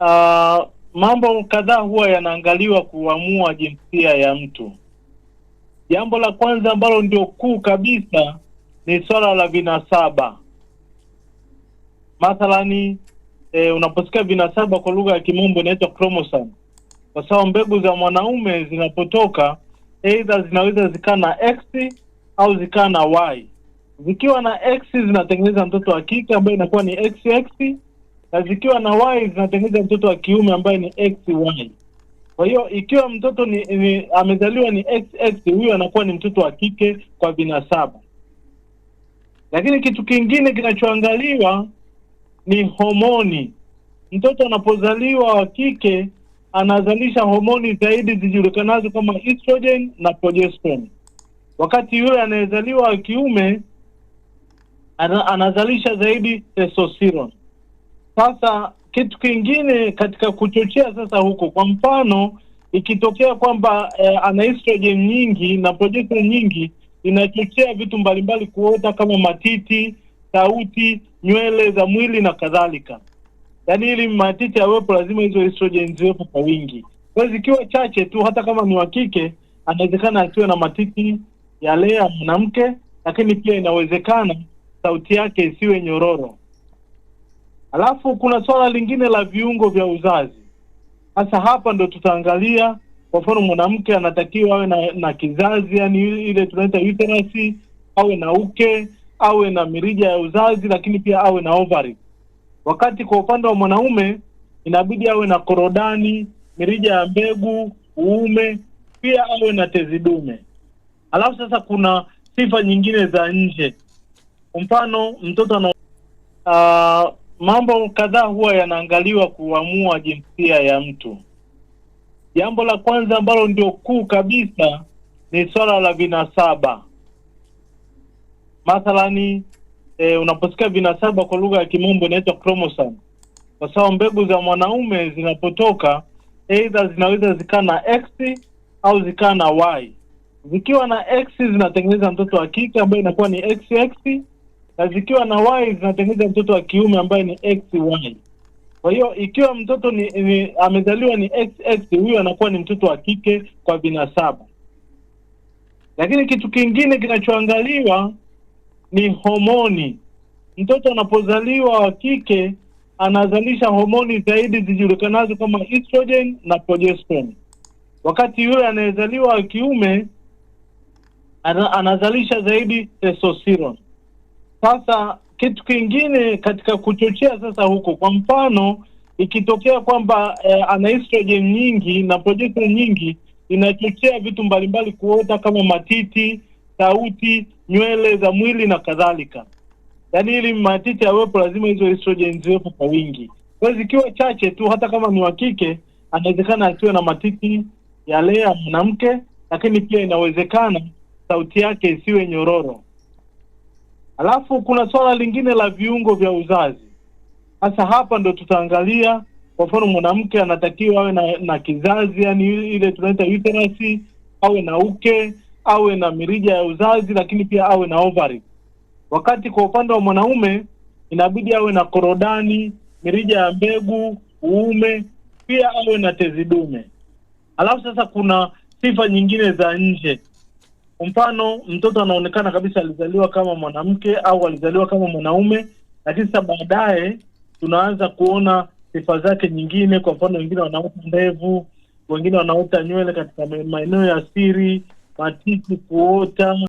uh, mambo kadhaa huwa yanaangaliwa kuamua jinsia ya mtu. Jambo la kwanza ambalo ndio kuu kabisa ni swala la vinasaba. Mathalani e, unaposikia vinasaba kwa lugha ya kimombo inaitwa chromosome, kwa sababu mbegu za mwanaume zinapotoka aidha zinaweza zikaa na X au zikaa na Y. Zikiwa na X zinatengeneza mtoto wa kike ambaye inakuwa ni XX na zikiwa na y zinatengeneza mtoto wa kiume ambaye ni xy. Kwa hiyo ikiwa mtoto ni, ni amezaliwa ni xx, huyo anakuwa ni mtoto wa kike kwa binasaba. Lakini kitu kingine kinachoangaliwa ni homoni. Mtoto anapozaliwa wa kike anazalisha homoni zaidi zijulikanazo kama estrogen na progesterone, wakati yule anayezaliwa wa kiume anazalisha zaidi testosterone. Sasa kitu kingine katika kuchochea sasa huko, kwa mfano ikitokea kwamba eh, ana estrogen nyingi na progesterone nyingi, inachochea vitu mbalimbali kuota kama matiti, sauti, nywele za mwili na kadhalika. Yaani ili matiti yawepo, lazima hizo estrogen ziwepo kwa wingi. Kwa hiyo zikiwa chache tu, hata kama ni wa kike, anawezekana asiwe na matiti yale ya mwanamke, lakini pia inawezekana sauti yake isiwe nyororo Alafu kuna swala lingine la viungo vya uzazi. Sasa hapa ndo tutaangalia kwa mfano, mwanamke anatakiwa awe na, na kizazi yani ile tunaita uterus, awe na uke, awe na mirija ya uzazi, lakini pia awe na ovary. Wakati kwa upande wa mwanaume inabidi awe na korodani, mirija ya mbegu, uume, pia awe na tezi dume. Alafu sasa kuna sifa nyingine za nje, kwa mfano mtoto ana uh, mambo kadhaa huwa yanaangaliwa kuamua jinsia ya mtu. Jambo la kwanza ambalo ndio kuu kabisa ni swala la vinasaba. Mathalani e, unaposikia vinasaba kwa lugha ya kimombo inaitwa chromosome, kwa sababu mbegu za mwanaume zinapotoka aidha zinaweza zikaa na X au zikaa na Y. Zikiwa na X zinatengeneza mtoto wa kike ambaye inakuwa ni XX na zikiwa na y zinatengeneza mtoto wa kiume ambaye ni xy. Kwa hiyo ikiwa mtoto ni, ni amezaliwa ni xx, huyo anakuwa ni mtoto wa kike kwa binasaba. Lakini kitu kingine kinachoangaliwa ni homoni. Mtoto anapozaliwa wa kike anazalisha homoni zaidi zijulikanazo kama estrogen na progesterone, wakati yule anayezaliwa wa kiume anazalisha zaidi testosterone. Sasa kitu kingine katika kuchochea sasa huko, kwa mfano ikitokea kwamba eh, ana estrogen nyingi na progesterone nyingi, inachochea vitu mbalimbali kuota kama matiti, sauti, nywele za mwili na kadhalika. Yaani ili matiti yawepo, lazima hizo estrogen ziwepo kwa wingi. Kwa zikiwa chache tu, hata kama ni wa kike, anawezekana asiwe na matiti yale ya mwanamke, lakini pia inawezekana sauti yake isiwe nyororo. Alafu kuna swala lingine la viungo vya uzazi. Sasa hapa ndo tutaangalia kwa mfano, mwanamke anatakiwa awe na, na kizazi yani ile tunaita uterus, awe na uke, awe na mirija ya uzazi, lakini pia awe na ovary Wakati kwa upande wa mwanaume inabidi awe na korodani, mirija ya mbegu, uume, pia awe na tezi dume. Alafu sasa kuna sifa nyingine za nje Mfano, mtoto anaonekana kabisa alizaliwa kama mwanamke au alizaliwa kama mwanaume, lakini sasa baadaye tunaanza kuona sifa zake nyingine. Kwa mfano, wengine wanaota ndevu, wengine wanaota nywele katika maeneo ya siri, matiti kuota.